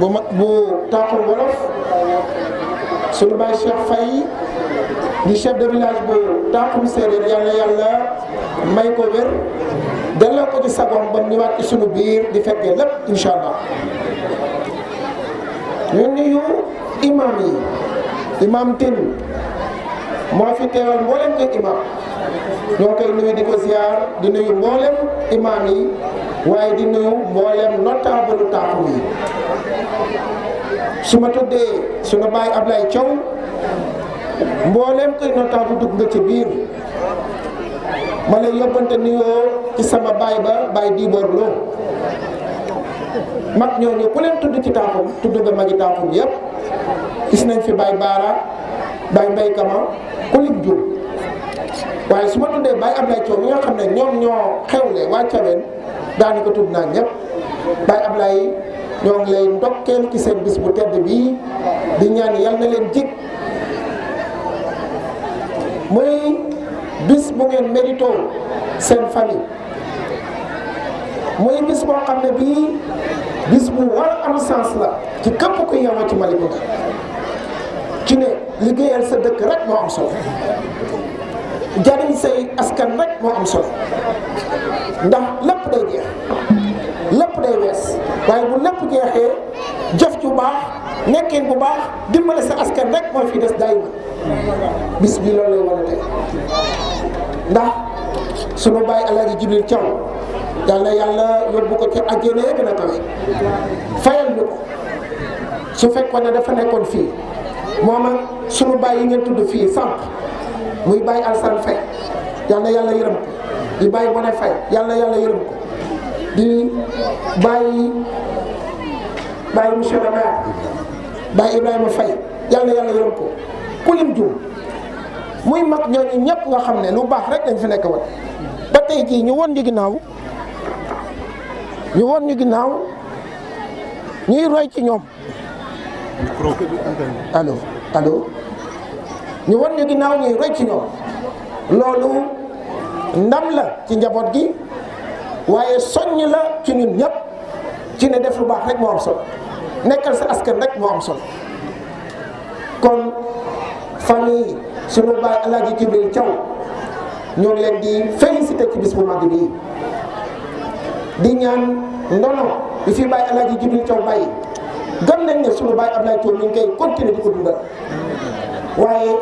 bu mag bu taaxul wolof suñu baay Cheikh Faye di chef de village bu taaxul séeréer yàlla yàlla may ko wér delloo ko ci sagoom ba ñëwaat ci suñu biir di fekkee lépp incha allah ñu nuyu imam yi imam tin moo fi teewal mboolem ko imam ñoo koy nuyu di ko ziar di nuyu mboolem imam yi waaye di nuyu mboolem notable taaxum yi su ma tuddee sunu baay Ablaye Thiaw mboolem koy notable dugg ci biir ma lay yóbbante nuyoo ci sama baay ba baay Dibor Lo mag ñooñu ku leen ci taaxum tudd nga magi taaxum nañ fi baay Baara baay Mbay Kama ku lim jur su ma tuddee baay Ablaye Thiaw mi nga xam ne ñoom ñoo xewle waa Thiawéne daanaka tudd naa ñëpp Baye Ablaye ñoo ngi lay ndokkeel ci seen bis bu tedd bii di ñaan yal na leen jig muy bis bu ngeen mérito seen famille muy bis boo xam ne bii bis bu war a am sens la ci képp ku yeewoo ci Malicounda ci ne liggéeyal sa dëkk rek moo am solo. jariñ say askan rek moo am solo ndax lépp day jeex lépp day wees waaye bu lëpp jeexee jëf ju baax nekkin bu baax dimbale sa askan rek mooy fi des daay ma bis bi loolu lay wane tey ndax sunu bàyyi alaaji jibril caw yàlla yàlla yóbbu ko ca àjjana gën a kawe fayal ñu ko su fekkoon ne dafa nekkoon fii moom ak sunu bàyyi ngeen tudd fii sànq muy bàyyi alsan fay yal yàlla yërëm ko di bàyyi bone fay yal yàlla yërëm ko di bàyyi bàyyi monsieur le bàyyi Ibrahima Faye yal yàlla yërëm ko ku lim muy mag ñooñu ñëpp nga xam ne lu baax rek dañ fi nekk woon ba tey jii ñu woon ñu ginnaaw ñu woon ñu ginnaaw ñuy roy ci ñoom allo allo ñu wan ñu ginnaaw ñuy roy ci ñoom loolu ndam la ci njaboot gi waaye soññ la ci ñun ñëpp ci ne def lu baax rek moo am solo nekkal sa askan rek moo am sol kon famille sunu baay Alaaji Jibril Thiaw ñoo ngi leen di félicité ci bis bu mag bi di ñaan ndono bi fi baay Alaaji Jibril Thiaw bàyyi gëm nañ ne sunu baay Ablaye Thiaw mi ngi koy continuer di ko dundal waaye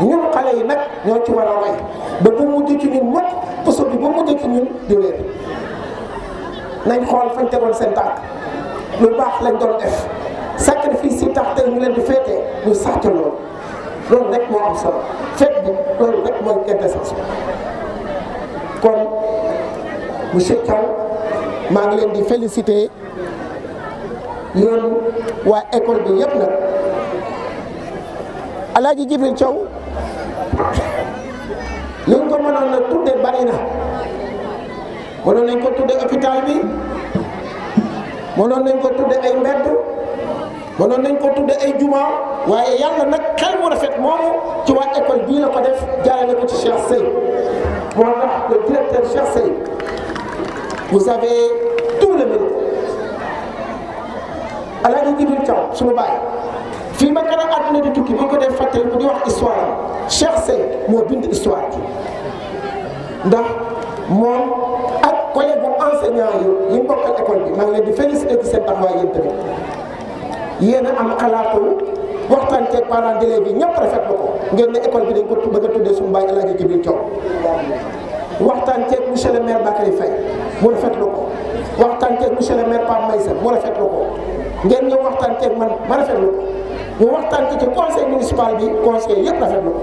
ñun xale yi nag ñoo ci war a roy ba bu mujj ci ñun mukk poso bi bu mujj ci nii di réer nañ xool fañ tegoon seen tànk lu baax lañ doon def sacrifice yi tax tey ñu leen di féetee ñu sax ca loolu loolu rek moo am solo fekk bi loolu rek mooy quintessence kon monsieur Thiaw maa ngi leen di féliciter yéen waa école bi yëpp nag Alaaji Jibril Thiaw mënoon na tudde bari na mënoon nañ ko tudde hôpital bi mënoon nañ ko tudde ay mbedd mënoon nañ ko tudde ay juma waaye yàlla nag xel mu rafet moomu ci waa école bii la ko def jaarale ko ci Cheikh sey moo tax le directeur Cheikh sey vous avez tout le mérite Alaaji Jibril Thiaw suñu baay fii ba kanam àdduna di tukki bu ko def fàttali bu di wax histoire Cheikh sey moo bind histoire bi ndax moom ak collègue enseignant yi ñu bokkal école bi maa ngi leen di félicité ci seen taxawaay yéen tamit yéen a am xalaatu waxtaan ceeg parents bi yi ñëpp rafetlu ko ngeen ne école bi dañ ko bëgg a tuddee suñu bàyyi laaj ci biir coow waxtaan ceeg monsieur le maire Bakary Faye mu rafetlu ko waxtaan ceeg monsieur le maire Pape Maïssa mu rafetlu ko ngeen ñëw waxtaan ceeg man ma rafetlu ko ñu waxtaan ci conseil municipal bi conseil yëpp rafetlu ko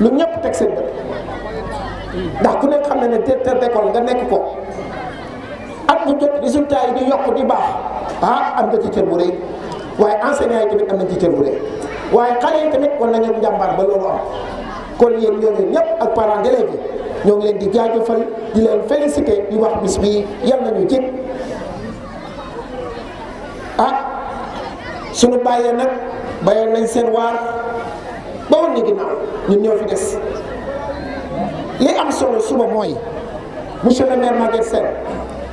lu ñëpp teg seen bët ndax ku nekk xam na ne directeur d'école nga nekk ko at bu jot résultat yi di yokk di baax ah am nga ci cër bu rëy waaye enseignant yi tamit am nañ ci cër bu rëy waaye xale yi tamit war nañu njàmbaar ba loolu am kon yéen ñooñu ñëpp ak parents d'élèves ñoo ngi leen di jaajëfal di leen félicité di wax bis bi yal nañu jig ah suñu bàyyee nag bàyyee nañ seen waar. ba woon ñu ginnaaw ñoo fi des li am solo suba mooy monsieur le maire Maguette Sène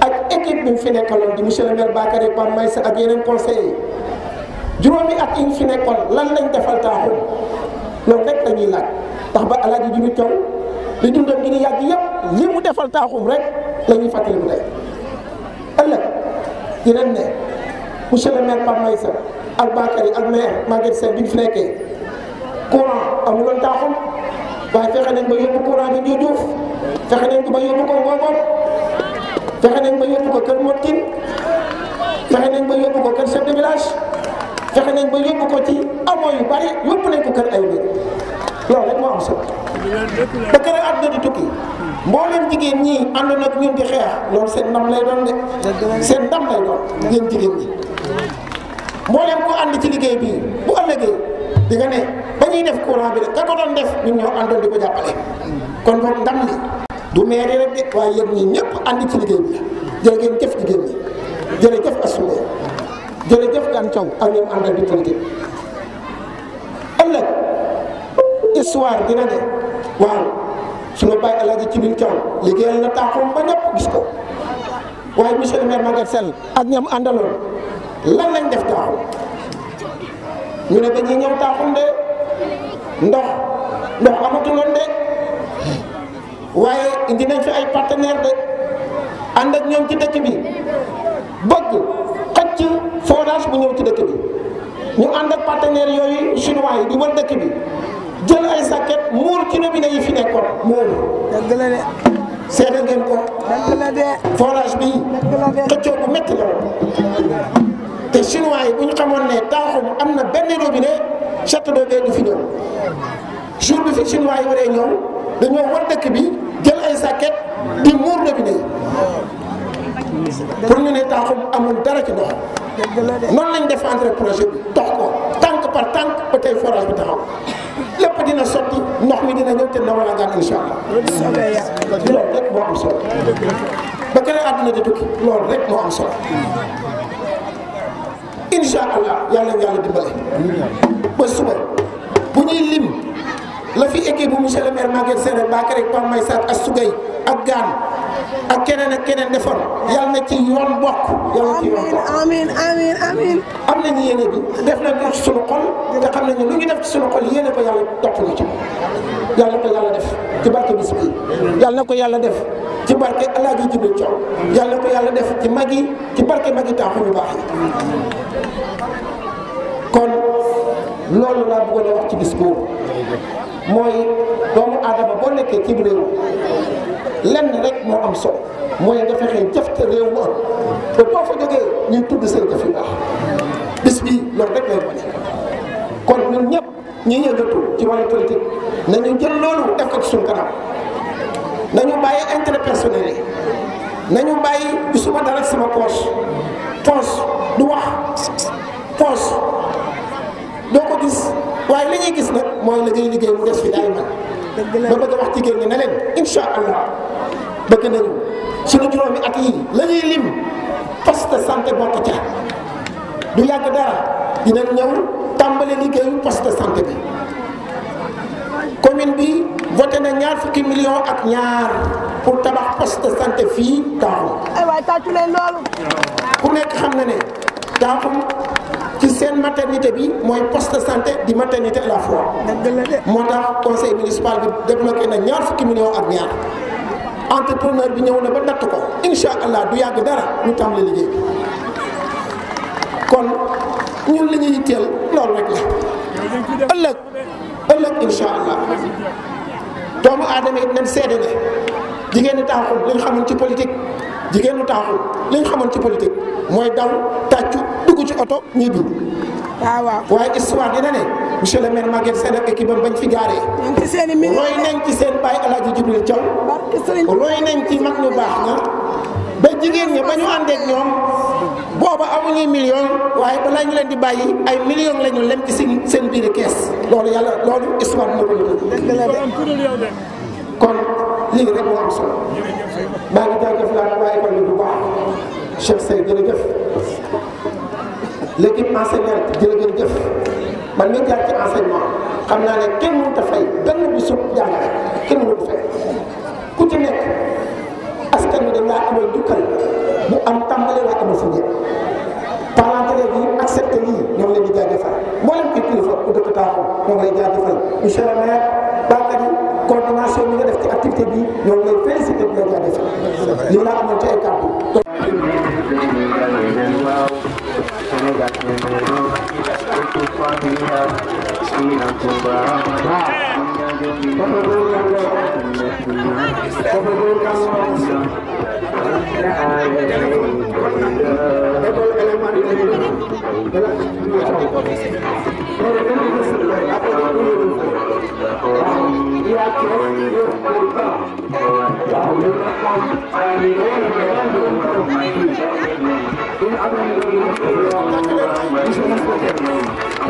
ak équipe bi mu fi nekkaloon di monsieur le maire Bakary Pam Maysa ak yeneen conseillers at yi ñu fi nekkoon lan lañ defal taaxum loolu rek la ñuy laaj ndax ba alaaji ju ñu coow di dundam gi di yàgg yëpp li mu defal taaxum rek la ñuy fàttali mu lay ëllëg di leen ne monsieur le Maysa ak Bakary ak maire Maguette Sène bi ñu fi nekkee. courant amuloon taaxum waaye fexe nañ ba yóbbu courant bi ñu juuf fexe nañ ko ba yóbbu ko Ngogol fexe nañ ba yóbbu ko kër Mottin fexe nañ ba yóbbu ko kër chef de village fexe nañ ba yóbbu ko ci amoo yu bari yóbbu nañ ko kër ay bi loolu rek moo am solo ba kër àdduna di tukki mboolem jigéen ñi àndoon ak ñun di xeex loolu seen ndam lay doon de seen ndam lay doon yéen jigéen ñi mboolem ku ànd ci liggéey bi bu ëllëgee di nga ne ba ñuy def courant bi rek ka ko doon def ñun ñoo àndoon di ko jàppale kon boog ndam li du maire rek de waaye yéen ñi ñëpp ànd ci liggéey bi jërë ngeen jëf jigéen ñi jërëjëf Assoumbe jërëjëf Gane Thiaw ak ñoom àndal di politique ëllëg histoire dina ne waaw sunu bàyyi El liggéeyal na taaxum ba ñëpp gis ko waaye monsieur le maire Maguette ak ñam àndaloon lan lañ def taaxum. ñu ne dañuy ñoom taaxum de ndox ndox amatuloon de waaye indi nañ fi ay partenaire de ànd ak ñoom ci dëkk bi bëgg xëcc forage bu ñëw ci dëkk bi ñu ànd ak partenaire yooyu chinois yi di wër dëkk bi jël ay sàkket muur kilo bi ne yi fi nekkoon muur dëgg la ko forage bi xëccoo bu métti la te chinois yi bu ñu xamoon ne taaxum am na benn robinet château d'eau du fi ñëw jour bi fi chinois yi waree ñëw dañoo war dëkk bi jël ay sàkket di muur robinet yi pour ñu ne taaxum amul dara ci ndox noonu lañ défendre projet bi dox ko tànk par tànk ba tey forage bi taxaw lépp dina sotti ndox mi dina ñëw te na wala ngaan ba keneen àdduna di tukki loolu rek moo am solo incha allah yàlla na yàlla dimbale. ba suba bu ñuy lim la fi équipe bu monsieur le maire Maguette Sène Mbacké rek Pape May ak Sugay ak Gaan ak keneen ak keneen defoon yàlla na ci yoon bokk. yàlla na ci yoon bokk amiin amiin amiin am nañu yéene bi def na ko ci xol ci sunu yéene ko yàlla topp na ci yàlla na ko yàlla def ci barke bis bi yàlla na ko yàlla def. ci barke alaaji Jibril Thiaw yàlla ko yàlla def ci mag yi ci barke mag yi taaxu yu baax yi kon loolu laa bëggoon a wax ci bis boobu mooy doomu aadama boo nekkee ci réew lenn rek moo am solo mooy nga fexe jëf te réew mu am te boo fa jógee ñuy tudd seen jëf yu baax bis loolu rek lay wane kon ñun ñëpp ñi yëngatu ci wàllu politique nañu jël loolu def ko ci suñu kanam. nañu bàyyi intérêt personnel yi nañu bàyyi suma dara sama poche poche du wax poche doo ko gis waaye li gis nag mooy la ñuy liggéey mu des fi daay man ba bëgg a wax jigéen ñi ne leen insha allah bëgg nañu suñu juróomi at yi la ñuy lim poste santé bokk ca du yàgg dara dinañ ñëw tàmbali liggéeyu poste santé bi commune bi voté na ñaar fukki million ak ñaar pour tabax poste de santé fii Taaxum. ay eh waay tàccu leen loolu. ku nekk xam na ne Taaxum ci seen maternité bi mooy poste de santé di maternité à la fois. moo tax conseil municipal bi débloqué na ñaar fukki millions ak ñaar. entrepreneur bi ñëw na ba natt ko incha allah du yàgg dara ñu tàmbali liggéey bi kon ñun li ñuy yitteel loolu rek la ëllëg ëllëg incha allah. doomu aadama it nañ seede ne jigéen ñi taxul li ci politique jigéen ñi taxul li nga xamoon ci politique mooy daw tàccu dugg ci oto ñibbi. waaw waaw waaye histoire dina ne monsieur le maire Maguette Sène ak équipe am bañ fi gaaree. ci seen i milions roy nañ ci seen bàyyi El ji Djibril Thiaw. roy nañ ci mag ñu baax na ba jigéen ñi ba ñu àndeek ñoom. booba amuñuy million waaye balaa ñu leen di bàyyi ay million la ñu lem ci seen biir kees loolu yàlla loolu histoire moo ko lëkkale. kon lii rek moo am solo maa ngi jërëjëf laa waaye kon bu baax Cheikh Seye jërëjëf l'équipe enseignante jërëjëf man mii jaar ci enseignement xam naa ne kenn mënut a fay benn bisu jàngale kenn mënut a ku ci nekk askan wi dañ laa amal njukkal bu am incha allah bànqaaj yi coordination bi nga def ci activité bi ñoo lay félicité bi yow def yow laa amoon ci ay kàddu. Thank you. I'm